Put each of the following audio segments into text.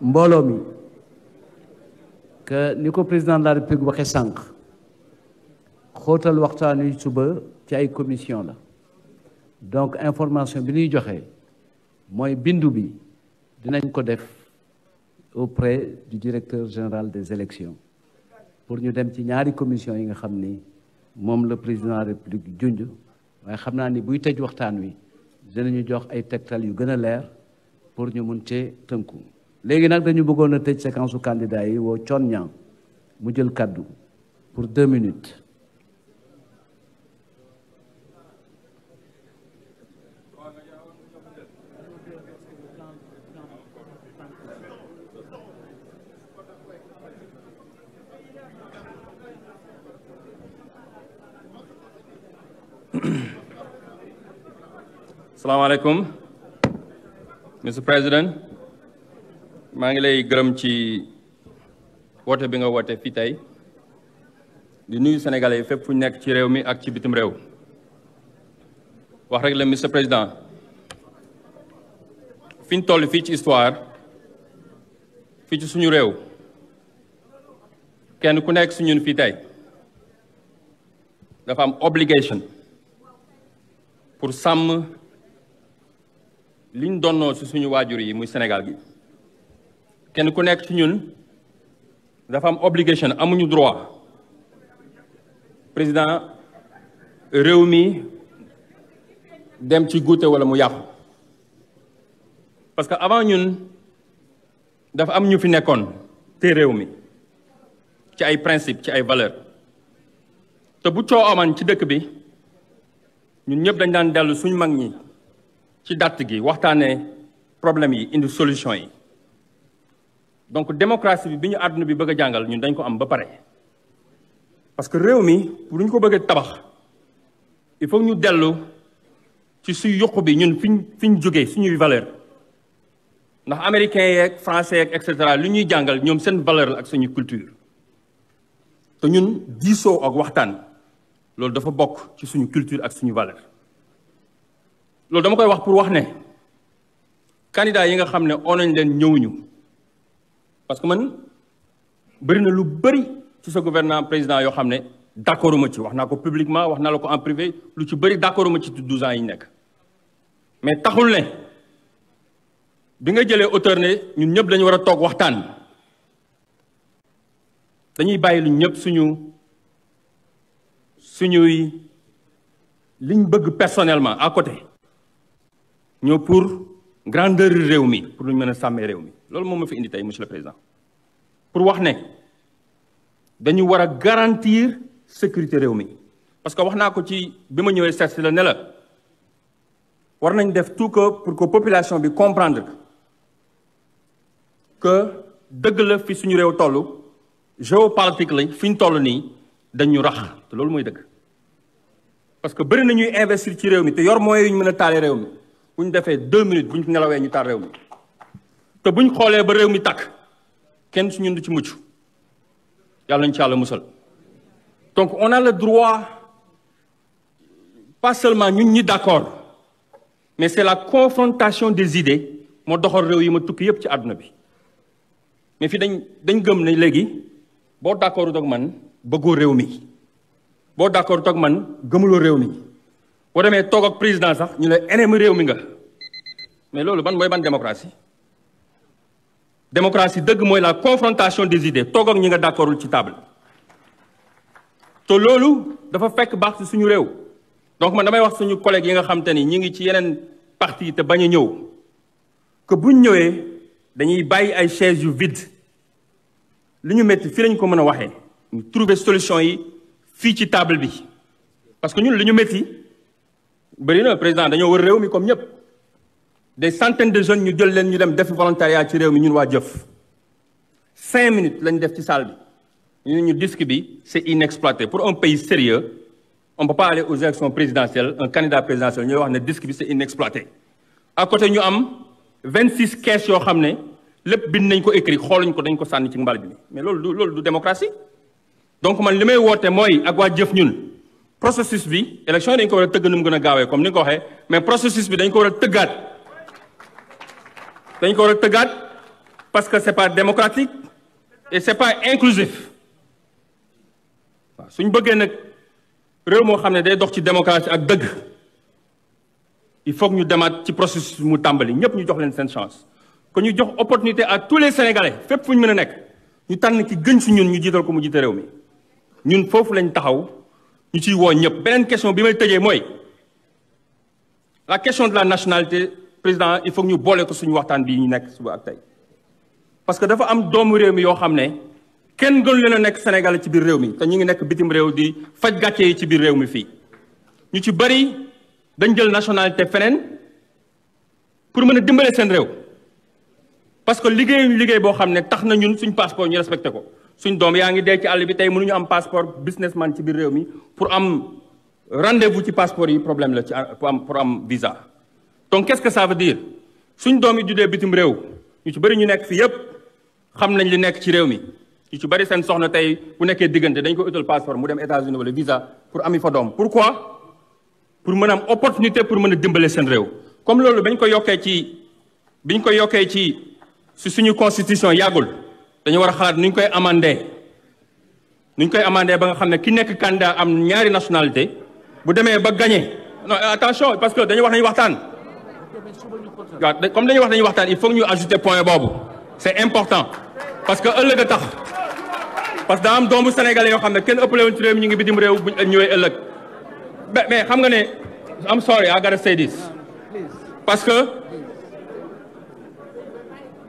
mi que président de la république waxe sank commission donc information bi ni joxe moy bindu auprès du directeur général des élections pour nous dem ci ñaari commission yi nga président de la république nous et xamna ni buy jox ay yu pour ñu léegi nag dañu bëggoon a tëj séquence su candidat yi woo Thione Niang mu jël kàddu pour deux minutes. Assalamu alaikum, maa ngi lay gërëm ci woote bi nga woote fii tey di nuyu sénégalais yi fépp fu nekk ci réew mi ak ci bitim réew wax rek la monsieur président fiñ toll fii ci histoire fii ci suñu réew kenn ku nekk suñun fii tey dafa am obligation pour sàmm liñ donnoo ci suñu waajur yi muy Sénégal gi kenn ku nekk ci ñun dafa am obligation amuñu droit président réew mi dem ci guute wala mu yàqu parce que avant ñun dafa am ñu fi nekkoon te réew mi ci ay principe ci ay valeur te bu coo aman ci dëkk bi ñun ñëpp dañ daan dellu suñu mag ñi ci dàtt gi waxtaanee problème yi indi solution yi donc démocratie bi bi ñu àdduna bi bëgg a jàngal ñun dañ ko am ba pare parce que réew mi pour ñu ko bëgg a tabax il faut ñu dellu ci suy yuq bi ñun fi fi ñu jógee suñuy valeur ndax américains yeeg français yeeg et cetera li ñuy jàngal ñoom seen valeur la ak suñu culture te ñun diisoo ak waxtaan loolu dafa bokk ci suñu culture ak suñu valeur loolu dama koy wax pour wax ne candidat yi nga xam ne oo nañ leen ñëwuñu parce que man bëri na lu bëri ci sa gouvernement président yoo xam ne d' accord ma ci wax naa ko publiquement wax naa la ko en privé lu ci bëri d' accord ma ci 12 ans yi nekk mais taxul ne bi nga jëlee auteur ne ñun ñëpp dañu war a toog waxtaan dañuy bàyyi lu ñëpp suñu suñuy liñ bëgg personnellement à côté ñoo pour. grandeur réew pour lu ñu mën a sàmmee réew mi loolu ma fi indi monsieur le président pour wax ne dañu war garantir sécurité réew parce que wax naa ko ci bi ma ñëwee seet la ne war nañ def tout que pour que population bi comprendre que dëgg la fi suñu géopolitique fin fi ñu toll nii dañu rax te parce que bëri na ñuy investir ci réew mi te yor mooy yu ñu mën a buñ ñu defee deux minutes buñ ñu nelawee ñu tar réew mi te bu xoolee ba réew mi takk kenn su du ci mucc yàlla ñu ci yàlla musal donc on a le droit pas seulement ñun ñi d'accord mais c'est la confrontation des idées moo doxal réew yi ma tukki yépp ci àdduna bi mais fi dañ dañ gëm ne léegi boo d'accord toog man bëggoo réew mi boo d'accord toog man gëmuloo réew mi boo demee toog ak président sax ñu ne ennemi réew mi nga mais loolu ban mooy ban démocratie démocratie dëgg mooy la confrontation des idées toog ak ñi nga d'accordul ci table te loolu dafa fekk baax ci suñu réew donc man damay wax suñu collègues yi nga xam te ni ñi ngi ci yeneen parti te bañ a ñëw que buñ ñëwee dañuy bàyyi ay chaises yu vide li ñu métti fii lañ ko mën a trouver solution yi fii ci table bi parce que ñun li ñu métti bëri na président wër des centaines de jeunes ñu jël leen ñu dem def volontariat ci cinq minutes lañ def ci salle bi c'est inexploité pour un pays sérieux on ne peut pas aller aux élections présidentielles un candidat présidentiel nous wax ne c'est inexploité à côté ñu am 26 caisses yo xamné lepp nañ écrit ko mais c'est démocratie donc man ak processus bi élection dañ ko war a tëgg nu mu gën a gaawee comme ni ko waxee mais processus bi dañ ko war a tëggaat dañ ko war a tëggaat parce que c'est pas démocratique et c'est pas inclusif waaw suñ bëggee nag réew moo xam ne day dox ci démocratie ak dëgg il faut que ñu demaat ci processus mu tàmbali ñëpp ñu jox leen seen chance que ñu jox opportunité à tous les sénégalais fépp fu ñu mën a nekk ñu tànn ki gën si ñun ñu jiital ko mu jiite réew mi ñun foofu lañ taxaw ñu ciy woo ñëpp beneen question bi may tëjee mooy la question de la nationalité président il faut ñu boole ko suñu waxtaan bi ñu nekk suba ak tey parce que dafa am doomu réew mi yoo xam ne kenn gënu leen a nekk Sénégal ci biir réew mi te ñu ngi nekk bitim réew di faj gàcce yi ci biir réew mi fii ñu ci bëri dañ jël nationalité feneen pour mën a dimbale seen réew parce que liggéeyuñu liggéey boo xam ne tax na ñun suñ passeport ñu respecté ko suñ doom yaa ngi dee ci àll bi tey mënuñu am passeport businessman ci biir réew mi pour am rendez-vous ci passeport yi problème la ci pour am pour am visa. donc qu'est-ce que ça veut dire suñ doom yi juddee bitim réew ñu ci bëri ñu nekk fi yépp xam nañ li nekk ci réew mi ñu ci bëri seen soxna tey bu nekkee diggante dañ ko utal passeport mu dem États-Unis wala visa pour ami fa doom pourquoi pour mën a am opportunité pour mën a dimbale seen réew comme loolu bañ ko yokkee ci biñ ko yokkee ci si suñu constitution yàggul. dañu war a xalaat nuñ koy amandé nuñ koy amandé ba nga xam ne ki nekk candidat am ñaari nationalité bu demee ba gagné non attention parce que dañu wax nañu waxtaan. waaw comme dañu wax nañu waxtaan il faut ñu ajouter point boobu c'est important parce que ëllëg a tax parce que daa am doomu sénégalais yoo xam ne kenn ëppale woon ci réew ñu ngi bitim réew bu ñëwee ëllëg mais xam nga ne am sorry I gotta say this parce que.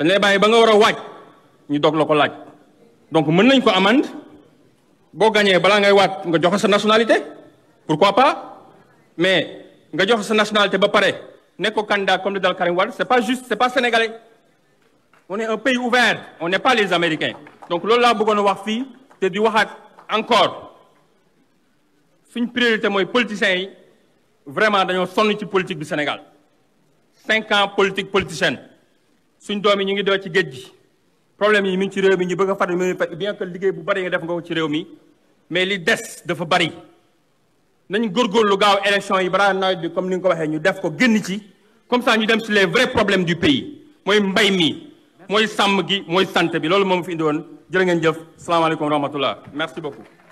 dañ lay bàyyi ba nga war a waaj ñu la ko laaj donc mën nañ ko amande boo gagné, bala ngay waat nga joxe sa nationalité pourquoi pas mais nga joxe sa nationalité ba pare nekk ko candidat comme le dal Karim c'est pas juste c'est pas sénégalais on est un pays ouvert on n'est pas les américains donc loolu laa bëggoon a wax fii te di waxaat encore suñ priorité mooy politiciens yi vraiment dañoo sonn ci politique du Sénégal cinq ans politique politicienne suñ doomi yi ñu ngi doo ci géej gi problème yi mi ngi ci réew mi ñu bëgg a far bien que liggéey bu bari nga def nga ko ci réew mi mais li des dafa bari nañ góorgóorlu gaaw élection yi balaa nawet bi comme ni nga ko waxee ñu def ko génn ci comme ça ñu dem sur les vrais problèmes du pays mooy mbay mi mooy sàmm gi mooy santé bi loolu moom fi indi woon jërë ngeen jëf salaamaaleykum wa rahmatullah merci beaucoup